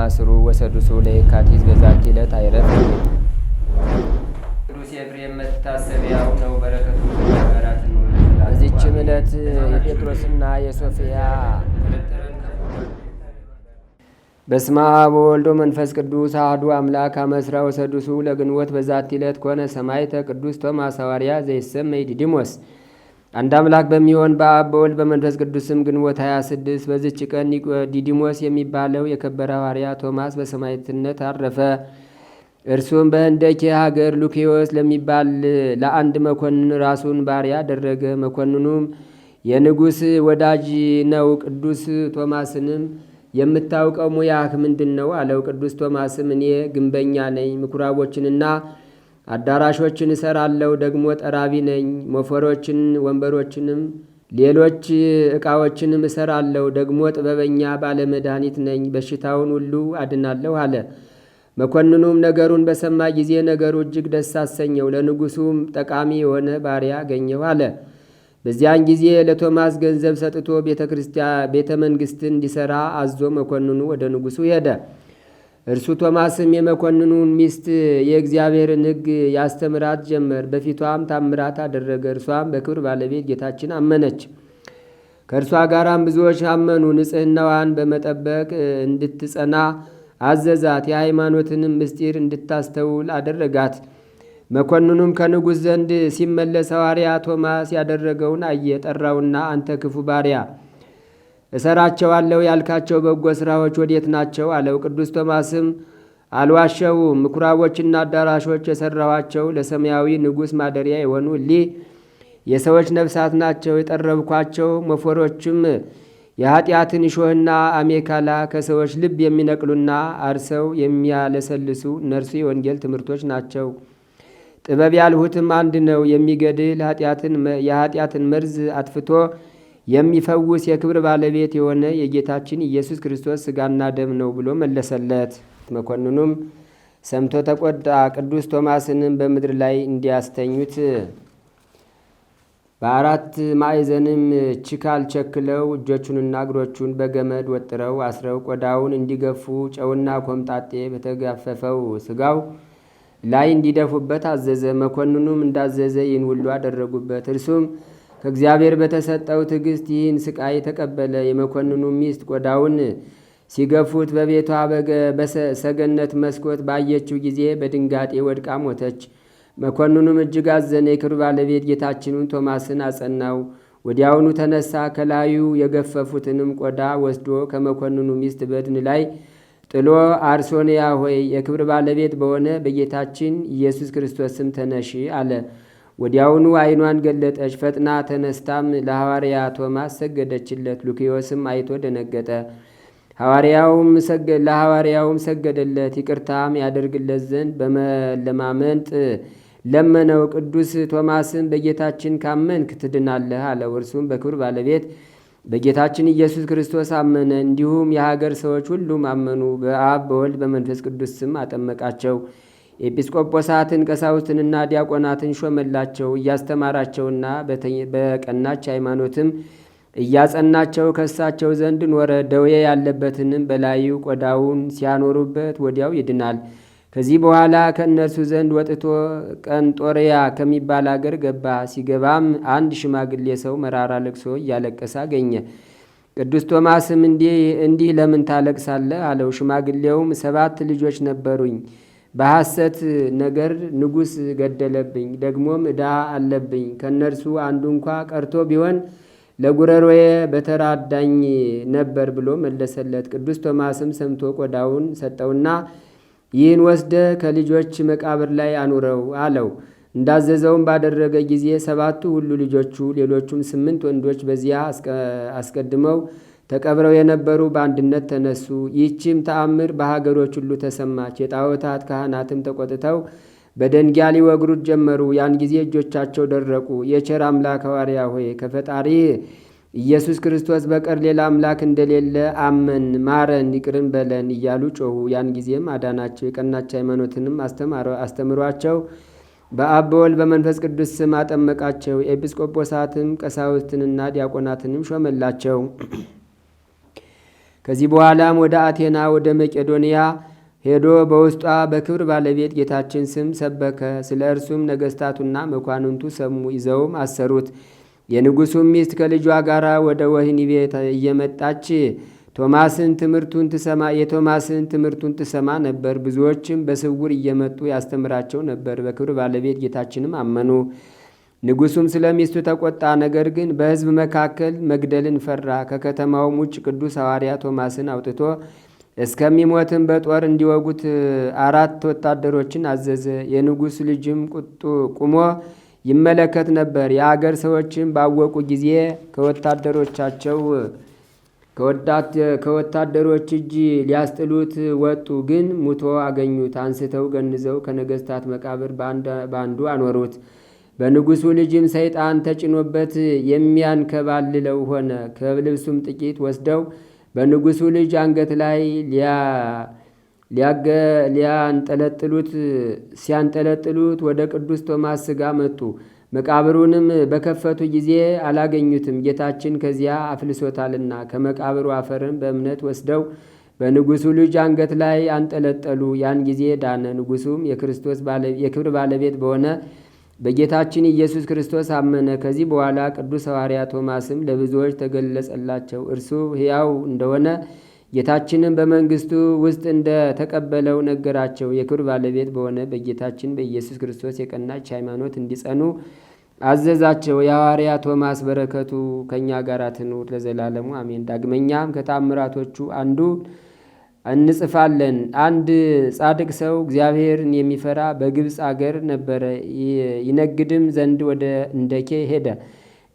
አማስሩ ወሰዱሱ ለየካቲት በዛቲ ዕለት አይረፍ። ቅዱስ ኤፍሬም መታሰቢያው ነው። በረከቱ በዚችም ዕለት የጴጥሮስና የሶፊያ በስማ በወልዶ መንፈስ ቅዱስ አህዱ አምላክ አመስራ ወሰዱሱ ለግንቦት በዛት ዕለት ኮነ ሰማዕተ ቅዱስ ቶማስ ሐዋርያ ዘይሰመይ ዲዲሞስ አንድ አምላክ በሚሆን በአብ በወልድ በመንፈስ ቅዱስም ግንቦት 26 በዚች ቀን ዲዲሞስ የሚባለው የከበረ ሐዋርያ ቶማስ በሰማዕትነት አረፈ። እርሱም በህንደኬ ሀገር ሉኪዮስ ለሚባል ለአንድ መኮንን ራሱን ባሪያ አደረገ። መኮንኑም የንጉሥ ወዳጅ ነው። ቅዱስ ቶማስንም የምታውቀው ሙያህ ምንድን ነው? አለው። ቅዱስ ቶማስም እኔ ግንበኛ ነኝ፣ ምኩራቦችንና አዳራሾችን እሰራለሁ። ደግሞ ጠራቢ ነኝ። ሞፈሮችን፣ ወንበሮችንም ሌሎች ዕቃዎችንም እሰራለሁ። ደግሞ ጥበበኛ ባለመድኃኒት ነኝ። በሽታውን ሁሉ አድናለሁ አለ። መኮንኑም ነገሩን በሰማ ጊዜ ነገሩ እጅግ ደስ አሰኘው። ለንጉሡም ጠቃሚ የሆነ ባሪያ አገኘው አለ። በዚያን ጊዜ ለቶማስ ገንዘብ ሰጥቶ ቤተ መንግሥትን እንዲሠራ አዞ መኮንኑ ወደ ንጉሡ ሄደ። እርሱ ቶማስም የመኮንኑን ሚስት የእግዚአብሔርን ሕግ ያስተምራት ጀመር። በፊቷም ታምራት አደረገ። እርሷም በክብር ባለቤት ጌታችን አመነች። ከእርሷ ጋራም ብዙዎች አመኑ። ንጽሕናዋን በመጠበቅ እንድትጸና አዘዛት። የሃይማኖትንም ምስጢር እንድታስተውል አደረጋት። መኮንኑም ከንጉሥ ዘንድ ሲመለስ ሐዋርያ ቶማስ ያደረገውን አየ። ጠራውና አንተ ክፉ ባሪያ እሰራቸዋለሁ ያልካቸው በጎ ሥራዎች ወዴት ናቸው? አለው። ቅዱስ ቶማስም አልዋሸው፣ ምኩራቦችና አዳራሾች የሠራኋቸው ለሰማያዊ ንጉሥ ማደሪያ የሆኑ ሊ የሰዎች ነፍሳት ናቸው። የጠረብኳቸው መፎሮችም የኃጢአትን እሾህና አሜካላ ከሰዎች ልብ የሚነቅሉና አርሰው የሚያለሰልሱ እነርሱ የወንጌል ትምህርቶች ናቸው። ጥበብ ያልሁትም አንድ ነው፣ የሚገድል የኃጢአትን መርዝ አጥፍቶ የሚፈውስ የክብር ባለቤት የሆነ የጌታችን ኢየሱስ ክርስቶስ ስጋና ደም ነው ብሎ መለሰለት። መኮንኑም ሰምቶ ተቆጣ። ቅዱስ ቶማስንም በምድር ላይ እንዲያስተኙት በአራት ማዕዘንም ችካል ቸክለው እጆቹንና እግሮቹን በገመድ ወጥረው አስረው ቆዳውን እንዲገፉ ጨውና ኮምጣጤ በተጋፈፈው ስጋው ላይ እንዲደፉበት አዘዘ። መኮንኑም እንዳዘዘ ይህን ሁሉ አደረጉበት። እርሱም ከእግዚአብሔር በተሰጠው ትዕግስት ይህን ስቃይ ተቀበለ። የመኮንኑ ሚስት ቆዳውን ሲገፉት በቤቷ በሰገነት መስኮት ባየችው ጊዜ በድንጋጤ ወድቃ ሞተች። መኮንኑም እጅግ አዘነ። የክብር ባለቤት ጌታችንን ቶማስን አጸናው። ወዲያውኑ ተነሳ። ከላዩ የገፈፉትንም ቆዳ ወስዶ ከመኮንኑ ሚስት በድን ላይ ጥሎ አርሶንያ ሆይ የክብር ባለቤት በሆነ በጌታችን ኢየሱስ ክርስቶስ ስም ተነሺ አለ። ወዲያውኑ ዓይኗን ገለጠች። ፈጥና ተነስታም ለሐዋርያ ቶማስ ሰገደችለት። ሉኪዮስም አይቶ ደነገጠ። ሐዋርያውም ለሐዋርያውም ሰገደለት። ይቅርታም ያደርግለት ዘንድ በመለማመንጥ ለመነው። ቅዱስ ቶማስን በጌታችን ካመንክ ትድናለህ አለው። እርሱም በክብር ባለቤት በጌታችን ኢየሱስ ክርስቶስ አመነ። እንዲሁም የሀገር ሰዎች ሁሉም አመኑ። በአብ በወልድ በመንፈስ ቅዱስ ስም አጠመቃቸው። ኤጲስቆጶሳትን ቀሳውስትንና ዲያቆናትን ሾመላቸው። እያስተማራቸውና በቀናች ሃይማኖትም እያጸናቸው ከሳቸው ዘንድ ኖረ። ደዌ ያለበትንም በላዩ ቆዳውን ሲያኖሩበት ወዲያው ይድናል። ከዚህ በኋላ ከእነርሱ ዘንድ ወጥቶ ቀንጦሪያ ከሚባል አገር ገባ። ሲገባም አንድ ሽማግሌ ሰው መራራ ልቅሶ እያለቀሰ አገኘ። ቅዱስ ቶማስም እንዲህ ለምን ታለቅሳለህ? አለው። ሽማግሌውም ሰባት ልጆች ነበሩኝ በሐሰት ነገር ንጉሥ ገደለብኝ፣ ደግሞም ዕዳ አለብኝ። ከእነርሱ አንዱ እንኳ ቀርቶ ቢሆን ለጉረሮዬ በተራዳኝ ነበር ብሎ መለሰለት። ቅዱስ ቶማስም ሰምቶ ቆዳውን ሰጠውና ይህን ወስደ ከልጆች መቃብር ላይ አኑረው አለው። እንዳዘዘውም ባደረገ ጊዜ ሰባቱ ሁሉ ልጆቹ፣ ሌሎቹም ስምንት ወንዶች በዚያ አስቀድመው ተቀብረው የነበሩ በአንድነት ተነሱ። ይህችም ተአምር በሀገሮች ሁሉ ተሰማች። የጣዖታት ካህናትም ተቆጥተው በደንጊያ ሊወግሩት ጀመሩ። ያን ጊዜ እጆቻቸው ደረቁ። የቸር አምላክ ሐዋርያ ሆይ ከፈጣሪ ኢየሱስ ክርስቶስ በቀር ሌላ አምላክ እንደሌለ አመን፣ ማረን፣ ይቅርን በለን እያሉ ጮሁ ያን ጊዜም አዳናቸው። የቀናች ሃይማኖትንም አስተምሯቸው በአብ በወልድ በመንፈስ ቅዱስ ስም አጠመቃቸው። ኤጲስቆጶሳትም ቀሳውስትንና ዲያቆናትንም ሾመላቸው። ከዚህ በኋላም ወደ አቴና ወደ መቄዶንያ ሄዶ በውስጧ በክብር ባለቤት ጌታችን ስም ሰበከ። ስለ እርሱም ነገስታቱና መኳንንቱ ሰሙ፣ ይዘውም አሰሩት። የንጉሱ ሚስት ከልጇ ጋር ወደ ወህኒ ቤት እየመጣች ቶማስን ትምህርቱን ትሰማ የቶማስን ትምህርቱን ትሰማ ነበር። ብዙዎችም በስውር እየመጡ ያስተምራቸው ነበር። በክብር ባለቤት ጌታችንም አመኑ። ንጉሱም ስለ ሚስቱ ተቆጣ። ነገር ግን በሕዝብ መካከል መግደልን ፈራ። ከከተማውም ውጭ ቅዱስ ሐዋርያ ቶማስን አውጥቶ እስከሚሞትም በጦር እንዲወጉት አራት ወታደሮችን አዘዘ። የንጉሥ ልጅም ቁሞ ይመለከት ነበር። የአገር ሰዎችም ባወቁ ጊዜ ከወታደሮቻቸው ከወታደሮች እጅ ሊያስጥሉት ወጡ። ግን ሙቶ አገኙት። አንስተው ገንዘው ከነገሥታት መቃብር በአንዱ አኖሩት። በንጉሡ ልጅም ሰይጣን ተጭኖበት የሚያንከባልለው ሆነ። ከልብሱም ጥቂት ወስደው በንጉሱ ልጅ አንገት ላይ ሊያንጠለጥሉት ሲያንጠለጥሉት ወደ ቅዱስ ቶማስ ሥጋ መጡ። መቃብሩንም በከፈቱ ጊዜ አላገኙትም፣ ጌታችን ከዚያ አፍልሶታልና። ከመቃብሩ አፈርም በእምነት ወስደው በንጉሱ ልጅ አንገት ላይ አንጠለጠሉ። ያን ጊዜ ዳነ። ንጉሱም የክርስቶስ የክብር ባለቤት በሆነ በጌታችን ኢየሱስ ክርስቶስ አመነ። ከዚህ በኋላ ቅዱስ ሐዋርያ ቶማስም ለብዙዎች ተገለጸላቸው። እርሱ ሕያው እንደሆነ ጌታችንም በመንግስቱ ውስጥ እንደ ተቀበለው ነገራቸው። የክብር ባለቤት በሆነ በጌታችን በኢየሱስ ክርስቶስ የቀናች ሃይማኖት እንዲጸኑ አዘዛቸው። የሐዋርያ ቶማስ በረከቱ ከእኛ ጋር ትኑር ለዘላለሙ አሜን። ዳግመኛም ከታምራቶቹ አንዱ እንጽፋለን። አንድ ጻድቅ ሰው እግዚአብሔርን የሚፈራ በግብፅ አገር ነበረ። ይነግድም ዘንድ ወደ እንደኬ ሄደ።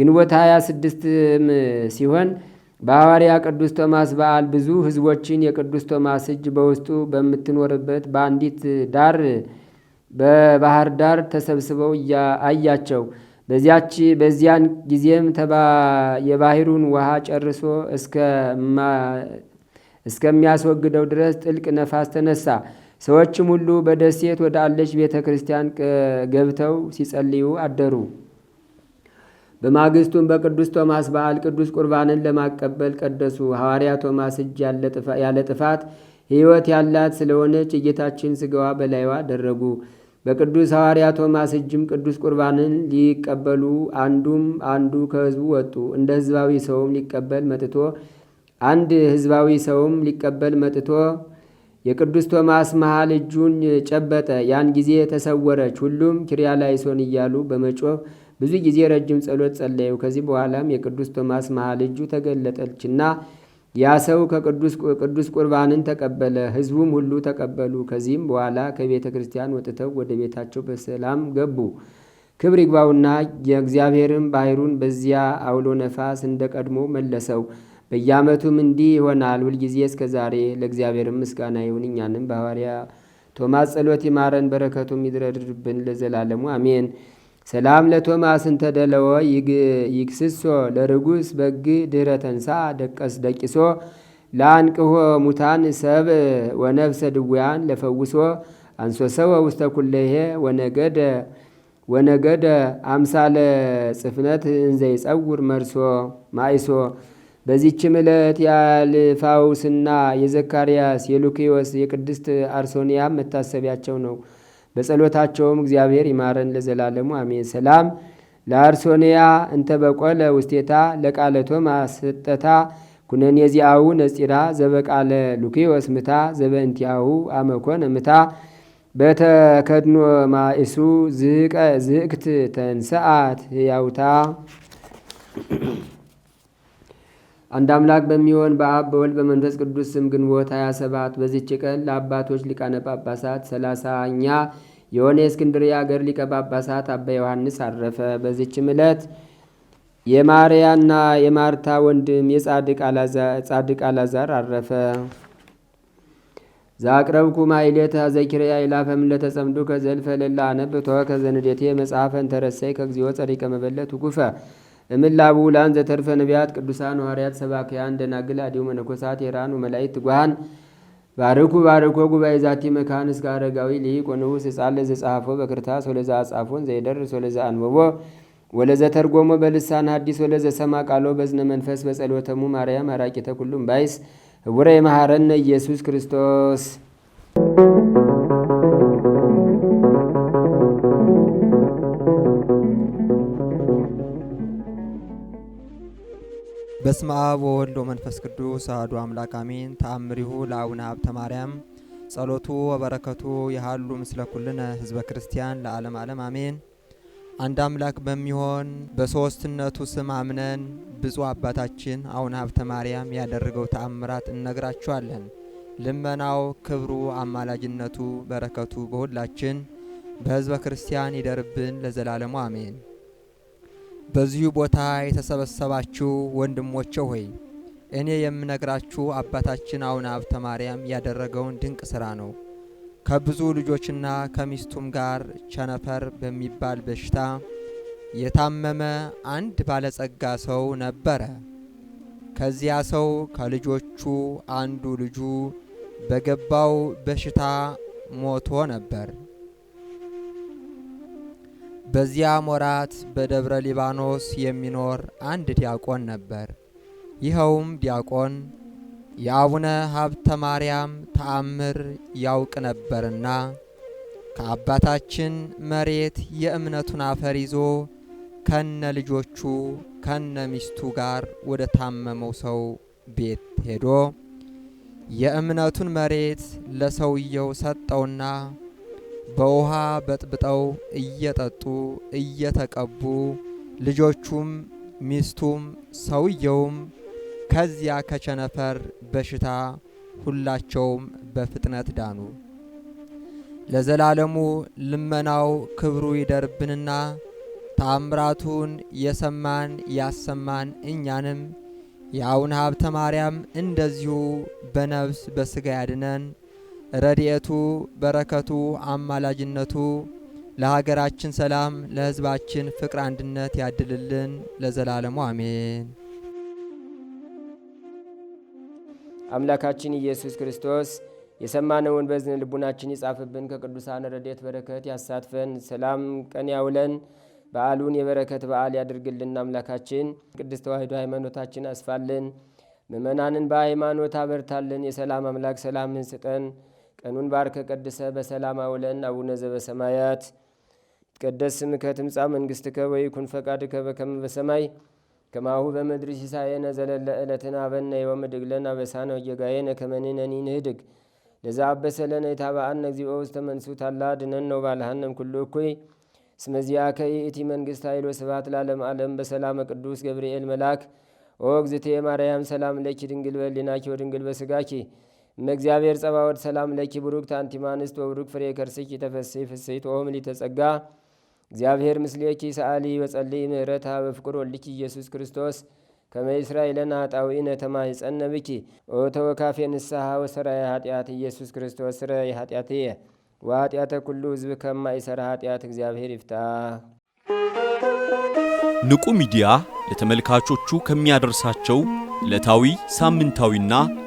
ግንቦት 26 ስድስትም ሲሆን በሐዋርያ ቅዱስ ቶማስ በዓል ብዙ ሕዝቦችን የቅዱስ ቶማስ እጅ በውስጡ በምትኖርበት በአንዲት ዳር በባህር ዳር ተሰብስበው አያቸው። በዚያች በዚያን ጊዜም የባህሩን ውሃ ጨርሶ እስከ እስከሚያስወግደው ድረስ ጥልቅ ነፋስ ተነሳ። ሰዎችም ሁሉ በደሴት ወዳለች ቤተ ክርስቲያን ገብተው ሲጸልዩ አደሩ። በማግስቱም በቅዱስ ቶማስ በዓል ቅዱስ ቁርባንን ለማቀበል ቀደሱ። ሐዋርያ ቶማስ እጅ ያለ ጥፋት ሕይወት ያላት ስለሆነች የጌታችን ስጋዋ በላይዋ አደረጉ። በቅዱስ ሐዋርያ ቶማስ እጅም ቅዱስ ቁርባንን ሊቀበሉ አንዱም አንዱ ከሕዝቡ ወጡ። እንደ ሕዝባዊ ሰውም ሊቀበል መጥቶ አንድ ሕዝባዊ ሰውም ሊቀበል መጥቶ የቅዱስ ቶማስ መሃል እጁን ጨበጠ። ያን ጊዜ ተሰወረች። ሁሉም ኪሪያ ላይሶን እያሉ በመጮህ ብዙ ጊዜ ረጅም ጸሎት ጸለዩ። ከዚህ በኋላም የቅዱስ ቶማስ መሃል እጁ ተገለጠችና ያ ሰው ከቅዱስ ቁርባንን ተቀበለ። ሕዝቡም ሁሉ ተቀበሉ። ከዚህም በኋላ ከቤተ ክርስቲያን ወጥተው ወደ ቤታቸው በሰላም ገቡ። ክብር ይግባውና የእግዚአብሔርም ባህሩን በዚያ አውሎ ነፋስ እንደ ቀድሞ መለሰው። በየዓመቱም እንዲህ ይሆናል ሁልጊዜ እስከ ዛሬ። ለእግዚአብሔርም ምስጋና ይሁን እኛንም በሐዋርያ ቶማስ ጸሎት ይማረን በረከቱም ይድረድርብን ለዘላለሙ አሜን። ሰላም ለቶማስ እንተደለወ ይግስሶ ለርጉስ በግ ድህረ ተንሳ ደቀስ ደቂሶ ለአንቅሆ ሙታን ሰብ ወነፍሰ ድውያን ለፈውሶ አንሶሰወ ውስተ ኩለሄ ወነገደ ወነገደ አምሳለ ጽፍነት እንዘይጸውር መርሶ ማይሶ በዚችም ዕለት የአልፋውስና የዘካርያስ የሉኪዮስ የቅድስት አርሶንያም መታሰቢያቸው ነው። በጸሎታቸውም እግዚአብሔር ይማረን ለዘላለሙ አሜን። ሰላም ለአርሶንያ እንተበቆለ ውስቴታ ለቃለቶ አሰጠታ ኩነን የዚአው ነጺራ ዘበቃለ ሉኪዮስ ምታ ዘበእንቲያው አመኮነ ምታ በተከድኖ ማእሱ ዝቀ ዝእክት ተንሰአት ያውታ አንድ አምላክ በሚሆን በአብ በወልድ በመንፈስ ቅዱስ ስም ግንቦት 27 በዚች ቀን ለአባቶች ሊቃነ ጳጳሳት ሰላሳኛ የሆነ የእስክንድርያ አገር ሊቀ ጳጳሳት አባ ዮሐንስ አረፈ። በዚችም ዕለት የማርያና የማርታ ወንድም የጻድቅ አላዛር አረፈ። ዛቅረብኩ ማይሌት ዘኪርያ ይላፈም ለተጸምዱ ከዘልፈ ለላ አነብቶ ከዘንዴቴ መጽሐፈን ተረሳይ ከእግዚኦ ጸሪቀ መበለት ጉፈ እምላቡ ላን ዘተርፈ ነቢያት ቅዱሳን ሐዋርያት ሰባክያን ደናግል አዲሁ መነኮሳት የራኑ መላእክት ጓሃን ባርኩ ባርኮ ጉባኤ ዛቲ መካን እስከ አረጋዊ ሊቅ ወንዑስ ሕፃን ለዘጸሐፎ በክርታስ ወለዘ አጻፎን ዘይደርስ ወለዘ አንበቦ ወለዘ ተርጎሞ በልሳን ሐዲስ ወለዘ ሰማ ቃሎ በዝነ መንፈስ በጸሎተሙ ማርያም አራቂተ ኩሉም ባይስ ህቡረ የመሐረነ ኢየሱስ ክርስቶስ በስመ አብ ወወልድ ወመንፈስ ቅዱስ አሐዱ አምላክ አሜን። ተአምሪሁ ለአቡነ ሀብተ ማርያም ጸሎቱ ወበረከቱ ያሃሉ ምስለ ኩልነ ህዝበ ክርስቲያን ለዓለም ዓለም አሜን። አንድ አምላክ በሚሆን በሶስትነቱ ስም አምነን ብፁዕ አባታችን አቡነ ሀብተ ማርያም ያደረገው ተአምራት እነግራችኋለን። ልመናው፣ ክብሩ፣ አማላጅነቱ፣ በረከቱ በሁላችን በህዝበ ክርስቲያን ይደርብን ለዘላለሙ አሜን። በዚሁ ቦታ የተሰበሰባችሁ ወንድሞቼ ሆይ እኔ የምነግራችሁ አባታችን አቡነ ሀብተ ማርያም ያደረገውን ድንቅ ስራ ነው። ከብዙ ልጆችና ከሚስቱም ጋር ቸነፈር በሚባል በሽታ የታመመ አንድ ባለጸጋ ሰው ነበረ። ከዚያ ሰው ከልጆቹ አንዱ ልጁ በገባው በሽታ ሞቶ ነበር። በዚያም ወራት በደብረ ሊባኖስ የሚኖር አንድ ዲያቆን ነበር። ይኸውም ዲያቆን የአቡነ ሀብተ ማርያም ተአምር ያውቅ ነበርና ከአባታችን መሬት የእምነቱን አፈር ይዞ ከነ ልጆቹ ከነ ሚስቱ ጋር ወደ ታመመው ሰው ቤት ሄዶ የእምነቱን መሬት ለሰውየው ሰጠውና በውሃ በጥብጠው እየጠጡ እየተቀቡ ልጆቹም ሚስቱም ሰውየውም ከዚያ ከቸነፈር በሽታ ሁላቸውም በፍጥነት ዳኑ። ለዘላለሙ ልመናው ክብሩ ይደርብንና ታምራቱን የሰማን ያሰማን እኛንም የአቡነ ሀብተ ማርያም እንደዚሁ በነፍስ በስጋ ያድነን ረድኤቱ በረከቱ አማላጅነቱ ለሀገራችን ሰላም ለሕዝባችን ፍቅር አንድነት ያድልልን ለዘላለሙ አሜን። አምላካችን ኢየሱስ ክርስቶስ የሰማነውን በዝን ልቡናችን ይጻፍብን፣ ከቅዱሳን ረድኤት በረከት ያሳትፈን፣ ሰላም ቀን ያውለን፣ በዓሉን የበረከት በዓል ያድርግልን። አምላካችን ቅድስት ተዋሕዶ ሃይማኖታችን አስፋልን፣ ምእመናንን በሃይማኖት አበርታልን። የሰላም አምላክ ሰላምን ስጠን። ቀኑን ባርከ ቀድሰ በሰላም አውለን። አቡነ ዘበሰማያት ይትቀደስ ስምከ ትምጻእ መንግሥትከ ወይኩን ፈቃድከ በከመ በሰማይ ከማሁ በምድሪ ሲሳየነ ዘለለ ዕለትነ ሀበነ ዮም ወኅድግ ለነ አበሳነ ወጌጋየነ ከመ ንሕነኒ ንኅድግ ለዘአበሰ ለነ ኢታብአነ እግዚኦ ውስተ መንሱት አላ አድኅነነ ወባልሐነ ኩሉ እኩይ እስመ ዚአከ ይእቲ መንግስት ኃይል ወስብሐት ለዓለመ ዓለም። በሰላመ ቅዱስ ገብርኤል መልአክ ኦ እግዝእትየ ማርያም ሰላም ለኪ ድንግል በኅሊናኪ ወድንግል በሥጋኪ እመእግዚአብሔር ጸባወድ ሰላም ለኪ ብሩክ ታንቲማንስት ወብሩክ ፍሬ ከርስኪ ተፈስሒ ፍስሕት ኦም ሊተጸጋ እግዚአብሔር ምስሌኪ ሰአሊ በጸልይ ምህረታ በፍቅር ወልኪ ኢየሱስ ክርስቶስ ከመ እስራኤልን አጣዊነ ተማይጸነ ብኪ ኦተ ንስሐ ወሰራየ ኃጢአት ኢየሱስ ክርስቶስ ስረይ ኃጢአትየ ወኃጢአተ ኩሉ ሕዝብ ከማይሰራ ኃጢአት እግዚአብሔር ይፍታ። ንቁ ሚዲያ ለተመልካቾቹ ከሚያደርሳቸው ዕለታዊ ሳምንታዊና